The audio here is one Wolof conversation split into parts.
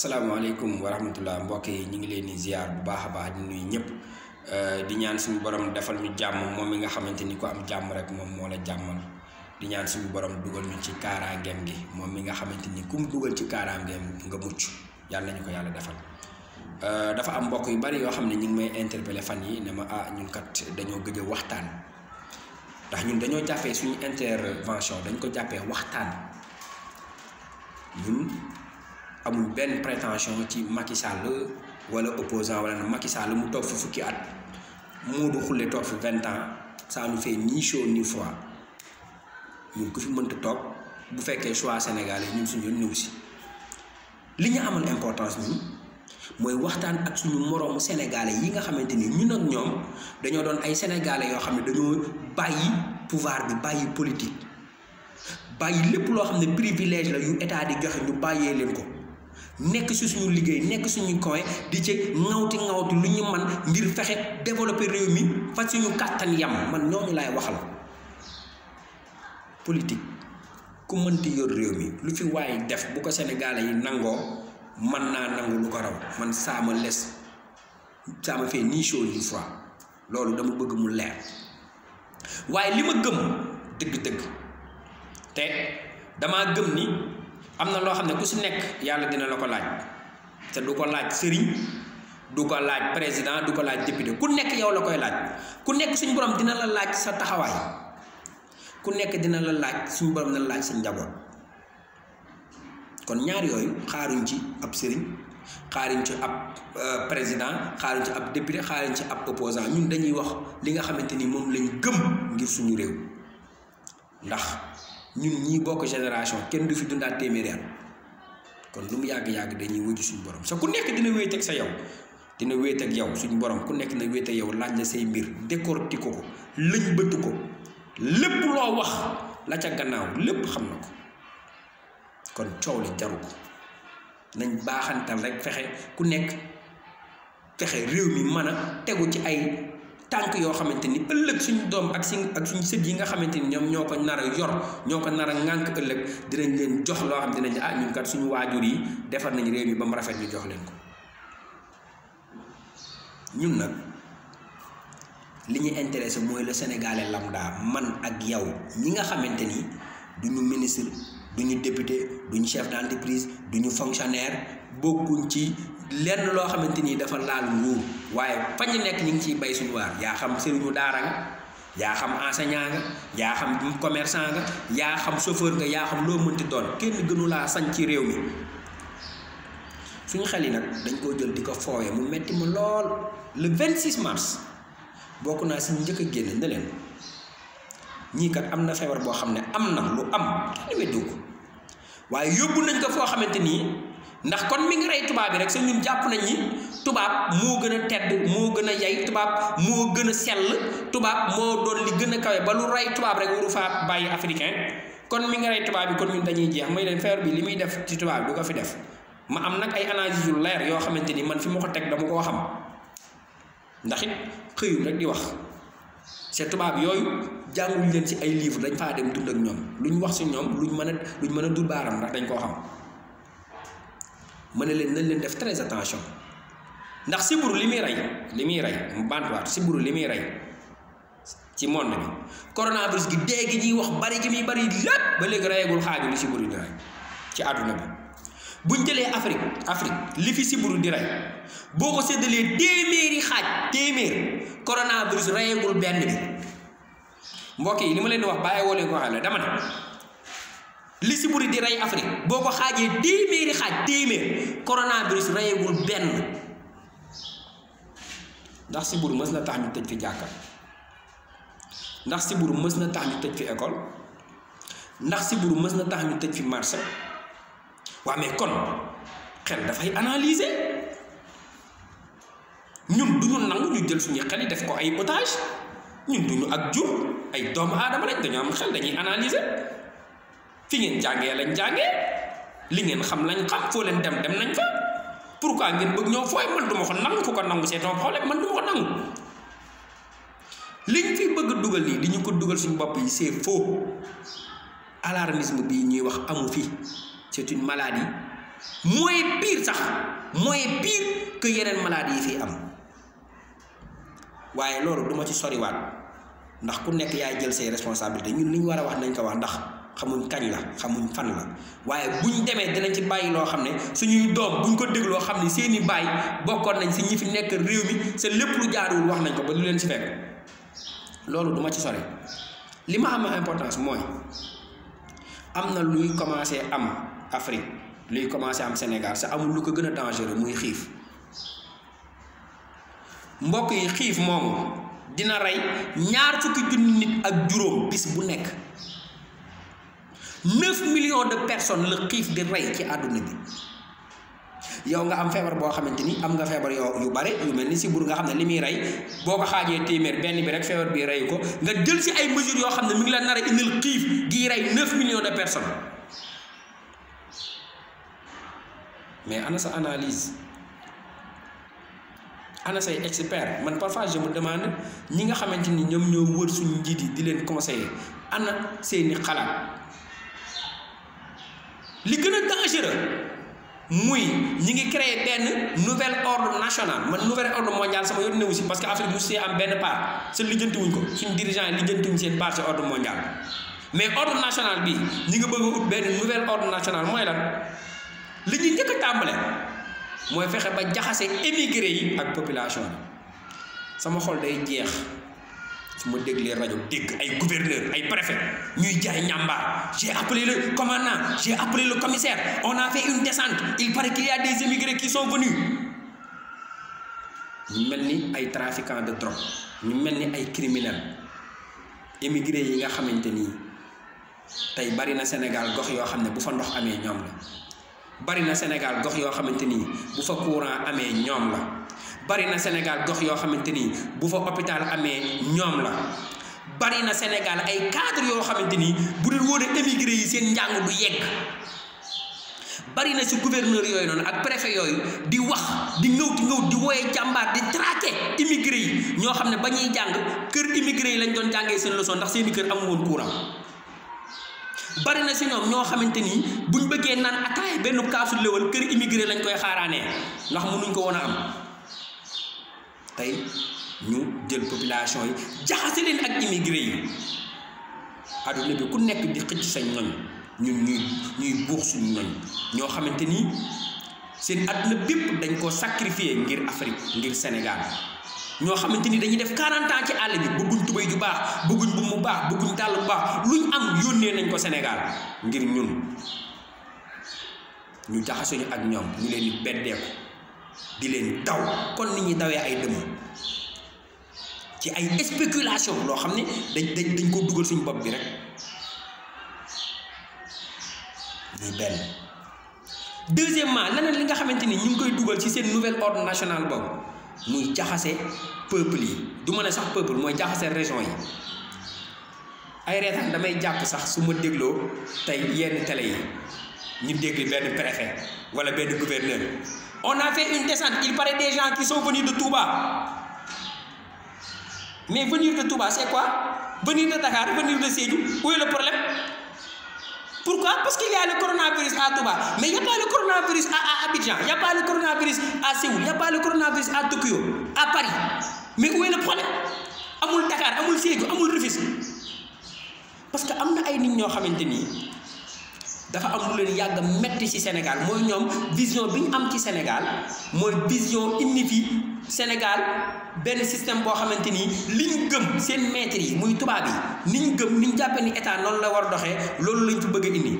asalaamaaleykum wa rahmatullah mbokk yi ñu ngi leen di bu baax a baax di nuyu ñëpp euh, di ñaan suñu borom defal ñu jàmm moom mi nga xamante ni ko am jàmm rek moom moo la jàmmal di ñaan suñu borom dugal ñu ci kaaraangeem gi moom mi nga xamante ni kum mu dugal ci kaaraangeem nga mucc yàlla nañu ko yàlla defal. Euh, dafa am mbokk yu bari yoo xam ne ñu ngi may interpeller fan yi ne ma ah ñun kat dañoo gëj a waxtaan ndax ñun dañoo jàppee suñu intervention dañ ko jàppee waxtaan amul benn prétention ci Macky Sall wala opposant wala Macky mu toog fi fukki at Modou Khoule toog fi vingt ans ça nous fait ni chaud ni froid ñun ko fi mënta toog bu fekkee choix Sénégal yi ñun suñu ñëw si li ñu amal importance mooy waxtaan ak suñu moroomu sénégalais yi nga xamante ni ñun ak ñoom dañoo doon ay sénégalais yoo xam ne dañoo bàyyi pouvoir bi bàyyi politique bàyyi lépp loo xam ne privilège la yu état di joxe ñu bàyyee leen ko. nekk si suñu liggéey nekk suñu coin di ci ŋawti ŋawti lu ñu man ngir fexe développer réew mi fa suñu kàttan yam man ñooñu laay waxal politik ku mënti yor réew mi lu fi waaye def bu ko sénégalais yi nangoo mën naa nangu lu ko raw man saama les saama fee nii chaud ni froid loolu dama bëgg mu leer waaye li ma gëm dëgg-dëgg te damaa gëm ni am na loo xam ne ku si nekk yàlla dina la ko laaj te du ko laaj sëriñ du ko laaj président du ko laaj député ku nekk yow la koy laaj ku nekk suñu borom dina la laaj sa taxawaay ku nekk dina la laaj suñu borom dina laaj sa njaboot kon ñaar yooyu xaaruñ ci ab sëriñ xaariñ ci ab euh, président xaaruñ ci ab député xaaruñ ci ab opposant ñun dañuy wax li nga xamante ni moom lañ gëm ngir suñu réew ndax ñun ñii bokk génération kenn du fi dundaat téeméeri at kon lu mu yàgg-yàgg dañuy wujj suñu borom sa ku nekk dina wéet ak sa yow dina wéet ak yow suñu borom ku nekk na wéet ak yow laaj la say mbir décortique ko lëñ bëtt ko lépp loo wax la ca gannaaw lépp xam na ko kon coow li jaru ko nañ baaxantal rek fexe ku nekk fexe réew mi mën a tegu ci ay tànk yoo xamante ni ëllëg suñu doom ak si ak suñu sët yi nga xamante ni ñoom ñoo ko nar a yor ñoo ko nar a ŋànk ëllëg dinañ leen jox loo xam dinañ ah ñun kat suñu waajur yi defar nañu réew mi ba mu rafet ñu jox leen ko ñun nag li ñu intéressé mooy le sénégalais lambda man ak yow ñi nga xamante ni duñu ministre duñu député duñu chef d'entreprise duñu fonctionnaire bokkuñ ci lenn loo xamante ni dafa laal ñuur waaye fa ñu nekk ñu ngi ciy bay suñu waar yaa xam sëriñu daara nga yaa xam enseignant nga yaa xam commerçant nga yaa xam chauffeur nga yaa xam loo mënti doon kenn gënu laa sañ ci réew mi suñu xel yi nag dañ koo jël di ko foowee mu metti ma lool le 26 mars bokk naa si njëkk a génn ne leen ñii kat am na feebar boo xam ne am na lu am kenn weddiwu ko waaye yóbbu nañ ko foo xamante nii ndax kon mi ngi rey tubaab yi rek sa ñun jàpp nañ ni tubaab moo gën a tedd moo gën a yay tubaab moo gën a sell tubaab moo doon li gën a kawe ba lu rey tubaab rek waru faa bàyyi africain kon mi ngi rey tubaab yi kon ñun dañuy jeex may leen feer bi li muy def ci tubaab bi du ko fi def ma am nag ay analyse leer yoo xamante ni man fi ma ko teg dama koo xam ndax it xëyum rek di wax c'est tubaab yooyu jànguñ leen si ay livre dañ faa dem dund ak ñoom lu ñu wax ci ñoom luñ mën a luñ mën a dul baaram dañ koo xam ma ne leen nañ leen def très attention ndax sibbiru li muy rey li muy rey mu bantuwaat sibbiru li muy rey ci monde bi coronavirus gi dee gi wax bari gi muy bari lépp ba léegi reyagul xaaju li sibbiru di rey ci àdduna bi buñ jëlee Afrique Afrique li fi sibbiru di rey boo ko séddalee téeméeri xaaj téeméer coronavirus reyagul benn bi mbokk yi li ma leen wax bàyyi woo leen ko xel dama ne. li si buri di rey Afrique boo ko xaajee téeméeri xaaj téeméer coronavirus reyagul benn ndax si buru mës na tax ñu tëj fi jàkka ndax si buru mës na tax ñu tëj fi école ndax si mës na tax ñu tëj fi marché waa mais kon xel dafay analyser ñun du ñu nangu ñu jël suñu xel yi def ko ay otage ñun du ak jur ay doomu aadama lañ dañoo am xel dañuy analyser fi ngeen jàngee lañ jàngee li ngeen xam lañ xam foo leen dem dem nañ fa pourquoi ngeen bëgg ñoo fooy man duma ko nangu ku ko nangu c'est ton man duma ko nangu liñ bëgg dugal nii di ko dugal suñu bopp yi c'est faux alarmisme bii ñuy wax amu fi c'est une maladie mooy pire sax mooy pire que yeneen maladie yi fi am waaye loolu duma ci soriwaat ndax ku nekk yaay jël say responsabilité ñun li ñu war a wax nañ ko wax ndax xamuñ kañ la xamuñ fan la waaye buñ demee dinañ ci bàyyi loo xam ne suñuy doom buñ ko dégloo xam ne seeni baay bokkoon nañ si ñi fi nekk réew mi sa lépp lu jaaruwul wax nañ ko ba lu leen si fekk loolu duma ci sore li ma am importance mooy am na luy commencé am Afrique luy commencé am Sénégal sa amul lu ko gën a dangereux muy xiif mbokk yi xiif moomu dina rey ñaar fukki junni nit ak juróom bis bu nekk neuf millions de personne la xiif di rey ci àdduna bi yow nga am feebar boo xamante ni am nga feebar yow yu bare yu mel ni si bur nga xam ne li muy rey boo ko xaajee téeméer benn bi rek feebar bi rey ko nga jël si ay mesures yoo xam ne mu ngi la nar a indil xiif gi rey neuf millions de personnes mais ana sa analyse ana say expert man parfois je demande ñi nga xamante ni ñoom ñoo wër suñu njiit yi di leen conseiller ana seeni xalaat li gën a dangereux muy ñi ngi créer benn nouvel ordre national man nouvel ordre mondial sama yoon newu si parce que Afrique mu see am benn part seen lijjantiwuñ ko suñu dirigeant yi lijjantiwuñ seen part ci ordre mais ordre national bi ñi ngi bëgg ut benn nouvel ordre national mooy lan li ñu njëkk tàmbale mooy fexe ba jaxasee émigré yi ak population sama xol day jeex su ma déglee rajo dégg ay gouverneur ay préfet ñuy jaay ñàmbaar j'ai appelé le commandant j'ai appelé le commissaire on a fait une descente il paraît qu'il y a des émigrés qui sont venus mel ni ay trafiquants de trop ñu mel ni ay criminels émigrés yi nga xamante ni tey bari na Sénégal gox yoo xam ne bu fa ndox amee ñoom bari na Sénégal gox yoo xamante ni bu fa courant amee ñoom la bari na Sénégal gox yoo xamante ni bu fa hôpital amee ñoom la bari na Sénégal ay cadre yoo xamante ni bu dul woon a émigré yi seen njàng du yegg bari na si gouverneur yooyu noonu ak préfet yooyu di wax di ngawti ngawt di wooyee jàmbaar di traqué immigré yi ñoo xam ne ba ñuy jàng kër immigré yi lañ doon jàngee seen leçon ndax seeni kër amu woon courant bari na si ñoom ñoo xamante ni buñ bëggee naan ataay benn kaasu léwal kër immigré lañ koy xaaraanee ndax mënuñ ko woon a am tey ñu jël population yi jaxase leen ak immigré yi adduna bi ku nekk di xëcc sa ñoñ ñun ñuy ñuy buux suñu ñoñ ñoo xamante ni seen adduna bépp dañ ko sacrifier ngir Afrique ngir Sénégal ñoo xamante ni dañuy def 40 ans ci àll bi bëgguñ tubéy ju baax bëgguñ bu mu baax bëgguñ tàll bu baax luñ am yónnee nañ ko Sénégal ngir ñun ñu jaxase ñu ak ñoom ñu leen di beddeeku di leen daw kon nit ñi dawee ay dëmm ci ay spéculation loo xam ne dañ dañ dañ koo dugal suñu bopp bi rek muy benn deuxièmement leneen li nga xamante ni ñu ngi koy dugal ci seen nouvel ordre national boobu muy jaxase peuple yi du ma ne sax peuple mooy jaxase région yi ay reetaan damay jàpp sax suma dégloo tey yenn tele yi ñu dégg benn préfet wala benn gouverneur on a fait une descente il paraît des gens qui sont venus de Touba mais venir de Touba c'est quoi venir de Dakar venir de Sédhiou où la le pour pourquoi parce que y a le coronavirus à Touba mais il y a pas le coronavirus à à Abidjan il y a pas le coronavirus à Séoul il y a pas Paris mais où est problème amul Dakar amul Sédhiou amul Rufisque parce que am na ay nit ñoo xamante nii dafa am lu leen yàgg metti ci Sénégal mooy ñoom vision bi ñu am ci Sénégal mooy vision indi fi Sénégal benn système boo xamante ni li ñu gëm seen maître yi muy tubaab yi ni ñu gëm ni ñu ni état noonu la war a doxee loolu lañ fi bëgg a indi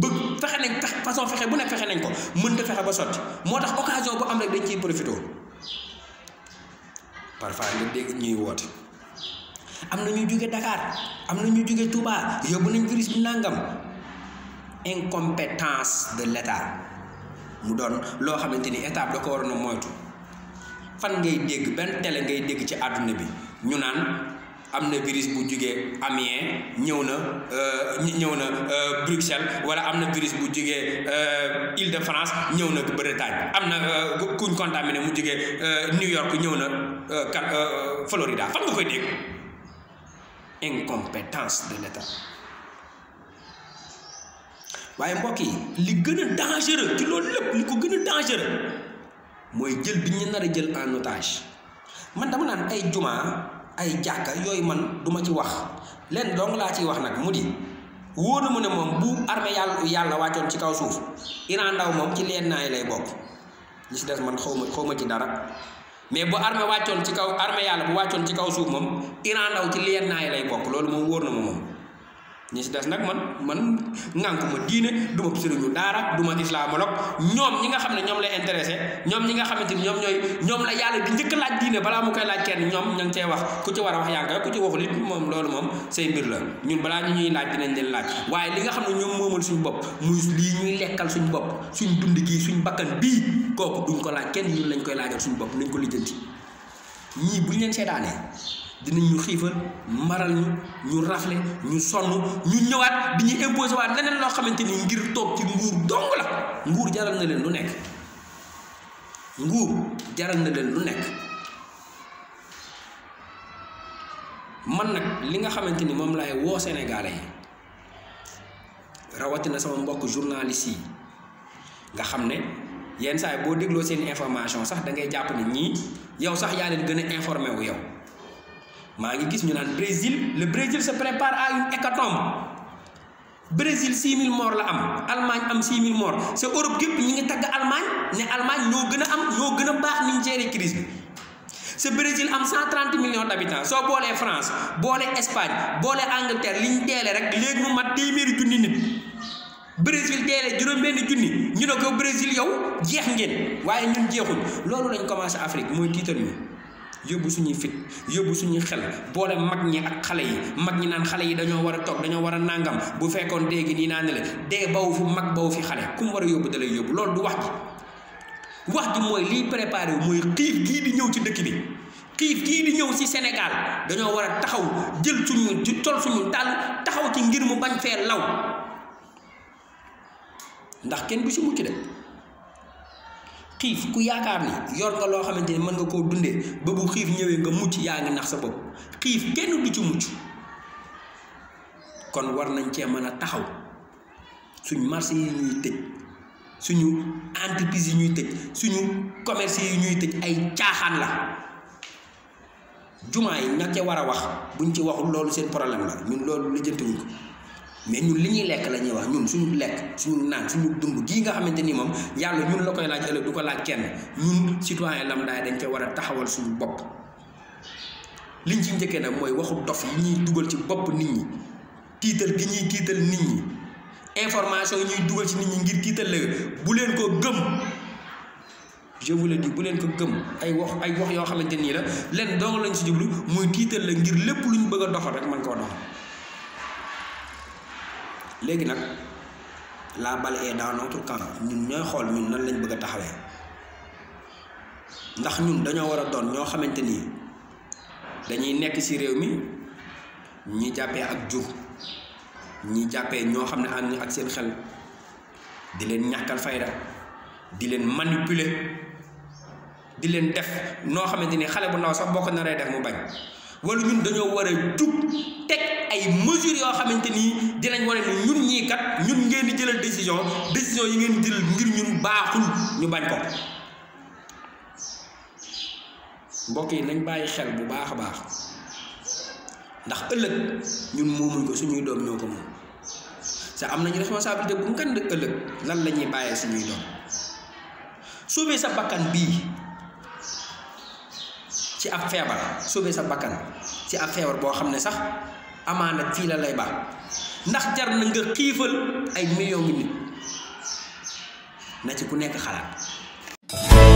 bëgg fexe nañ fexe façon fexe bu ne fexe nañ ko mën da fexe ba sotti moo tax occasion bu am rek dañ ciy profité parfois nga dégg ñuy woote. am na ñuy jóge Dakar am na ñu jóge Touba yóbbu nañ virus bi nàngam incompétence de l'État mu doon loo xamante ni état da ko waroon a moytu fan ngay dégg benn télé ngay dégg ci àdduna bi ñu naan am na virus bu jugee Amiens ñëw na euh, ñëw na euh, Bruxelles wala am na virus bu jugee euh, Île-de-France ñëw na Bretagne am na kuñ contaminé mu jugee New York ñëw na Florida fan nga koy dégg incompétence de l'État waaye mbokk yi li gën a dangereux ci loolu lépp li ko gën a dangereux mooy jël bi ñu nar a jël en otage man dama naan ay jumaa ay jàkka yooyu man du ci wax lenn dong laa ciy wax nag mu di wóor na mu ne moom bu armée yàlla yàlla wàccoon ci kaw suuf Iran ndaw moom ci leen naa yi lay bokk li si des man xaw ma xaw ma ci dara mais bu armée wàccoon ci kaw armée yàlla bu wàccoon ci kaw suuf moom Iran ndaw ci leen yi lay bokk loolu moom wóor na ma moom. ñu si des nag man man ŋànku ma diine du ma sëriñu daara du ma islamologue ñoom ñi nga xam ne ñoom lay intéressé ñoom ñi nga xamante ne ñoom ñooy ñoom la yàlla di njëkk laaj diine balaa mu koy laaj kenn ñoom ña ngi cee wax ku ci war a wax yàgg ku ci waxul it moom loolu moom say mbir la ñun balaa ñu ñuy laaj dinañ leen laaj waaye li nga xam ne ñoom moomal suñu bopp muy lii ñuy lekkal suñu bopp suñ dund gii suñu bakkan bii kooku duñ ko laaj kenn ñun lañ koy laajal suñu bopp nañ ko lijjanti ñii buñ leen seetaanee dinañ ñu xiifal maral ñu ñu rafle ñu sonn ñu ñëwaat bi ñu imposé leneen loo xamante ni ngir toog ci nguur dong la nguur jaral na leen lu nekk nguur jaral na leen lu nekk man nag li nga xamante ni moom laay woo sénégalais yi rawatina sama mbokk journaliste yi nga xam ne yenn saa boo dégloo seen information sax da ngay jàpp ne ñii yow sax yaa leen gën a informé wu yow. maa ngi gis ñu naan Brésil le Brésil se prépare à une hécatombe Brésil 6000 morts la am Allemagne am 6000 morts c'est Europe gépp ñi ngi tagg Allemagne ne Allemagne ñoo gën a am ñoo gën a baax ni ñu gérer crise bi sa Brésil am 130 millions d'habitants soo boolee France boole Espagne boole Angleterre li ñu teele rek léegi mu mat téeméeri junni nit Brésil teele juróom-benn junni ñu ne ko Brésil yow jeex ngeen waaye ñun jeexuñ loolu lañ commencé Afrique mooy tiital ñu yóbbu suñuy fit yóbbu suñuy xel boole mag ñi ak xale yi mag ñi naan xale yi dañoo war a toog dañoo war a nàngam bu fekkoon dee nii naa ne la ba bawu fi mag bawu fi xale ku war a yóbbu da lay yóbbu loolu du wax ji wax ji mooy lii préparé wu mooy xiif gii di ñëw ci dëkk bi xiif gii di ñëw si Sénégal dañoo war a taxaw jël suñu ju tol suñu tàll taxaw ci ngir mu bañ fee law ndax kenn du ci mucc de xiif ku yaakaar ni yor nga loo xamante ni mën nga koo dundee ba bu xiif ñëwee nga mucc yaa ngi nax sa bopp xiif kenn du ci mucc kon war nañ cee mën a taxaw suñ marché yi ñuy tëj suñu entreprise yi ñuy tëj suñu commerce yu ñuy tëj ay caaxaan la jumaa yi ña ca war a wax buñ ci waxul loolu seen problème la ñun loolu lijjantiwuñ ko mais ñun li ñuy lekk lañuy wax ñun suñu lekk suñu naan suñu dund gii nga xamante ni moom yàlla ñun la koy laaj ëllëg du ko laaj kenn ñun citoyen lambda dañ ca war a taxawal suñu bopp liñ ci njëkkee nag mooy waxu dof yi ñuy dugal ci bopp nit ñi tiital gi ñuy tiital nit ñi information yi ñuy dugal ci nit ñi ngir tiital la bu leen ko gëm je vous le bu leen ko gëm ay wax ay wax yoo xamante nii la leen doog lañ si jublu muy tiital la ngir lépp luñ bëgg doxal rek mën koo doxal léegi nag la balle est dans notre camp ñun ñooy xool ñun nan lañ bëgg a taxawee ndax ñun dañoo war a doon ñoo xamante nii dañuy nekk ci réew mi ñi jàppee ak jur ñuy jàppee ñoo xam ne ànd ak seen xel di leen ñàkkal fayda di leen manipuler di leen def noo xamante ni xale bu ndaw sax boo ko naree def mu bañ wala ñun dañoo war a jug teg ay mesures yoo xamante nii dinañ wane ni ñun ñii kat ñun ngeen di jëlal décision décision yi ngeen jëlal ngir ñun baaxul ñu bañ ko mbokk yi nañ bàyyi xel bu baax a baax ndax ëllëg ñun moomuñ ko suñuy doom ñoo ko moom sa am nañu responsabilité bu ngand ëllëg lan la ñuy bàyyee suñuy doom sauver sa bakkan bii ci ab feebar sauver sa bakkan ci ab feebar boo xam ne sax amaana fii la lay baax ndax jar na nga xiifal ay millions ngi nit na ci ku nekk xalaat